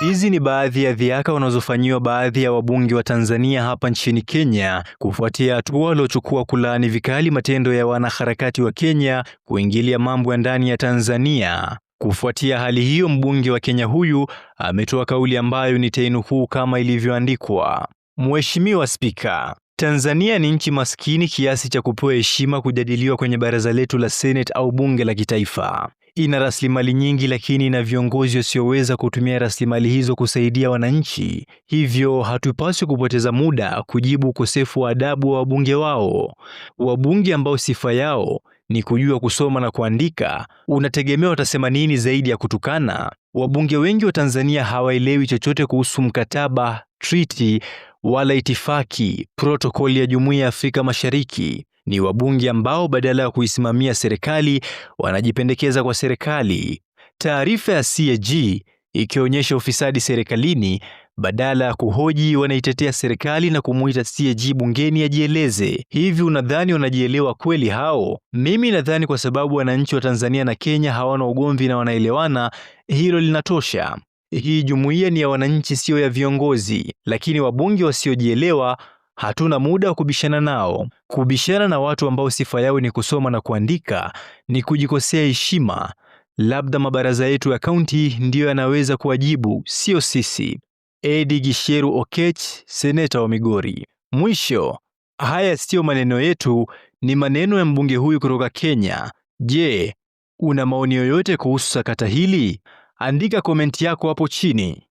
Hizi ni baadhi ya dhihaka wanazofanyiwa baadhi ya wabunge wa Tanzania hapa nchini Kenya kufuatia hatua waliochukua kulaani vikali matendo ya wanaharakati wa Kenya kuingilia mambo ya ndani ya Tanzania. Kufuatia hali hiyo, mbunge wa Kenya huyu ametoa kauli ambayo nitainukuu kama ilivyoandikwa. Mheshimiwa Spika, Tanzania ni nchi maskini kiasi cha kupewa heshima kujadiliwa kwenye baraza letu la Senate au bunge la kitaifa. Ina rasilimali nyingi, lakini ina viongozi wasioweza kutumia rasilimali hizo kusaidia wananchi. Hivyo hatupaswi kupoteza muda kujibu ukosefu wa adabu wa wabunge wao, wabunge ambao sifa yao ni kujua kusoma na kuandika, unategemea watasema nini zaidi ya kutukana? Wabunge wengi wa Tanzania hawaelewi chochote kuhusu mkataba, treaty wala itifaki, protokoli ya Jumuiya ya Afrika Mashariki. Ni wabunge ambao badala ya kuisimamia serikali wanajipendekeza kwa serikali. Taarifa ya CAG ikionyesha ufisadi serikalini badala ya kuhoji wanaitetea serikali na kumuita CAG bungeni ajieleze. Hivi unadhani wanajielewa kweli hao? Mimi nadhani kwa sababu wananchi wa Tanzania na Kenya hawana ugomvi na wanaelewana, hilo linatosha. Hii jumuiya ni ya wananchi, siyo ya viongozi. Lakini wabunge wasiojielewa hatuna muda wa kubishana nao. Kubishana na watu ambao sifa yao ni kusoma na kuandika ni kujikosea heshima. Labda mabaraza yetu ya kaunti ndiyo yanaweza kuwajibu, sio sisi. Edi Gisheru Okech, seneta wa Migori. Mwisho, haya siyo maneno yetu, ni maneno ya mbunge huyu kutoka Kenya. Je, una maoni yoyote kuhusu sakata hili? Andika komenti yako hapo chini.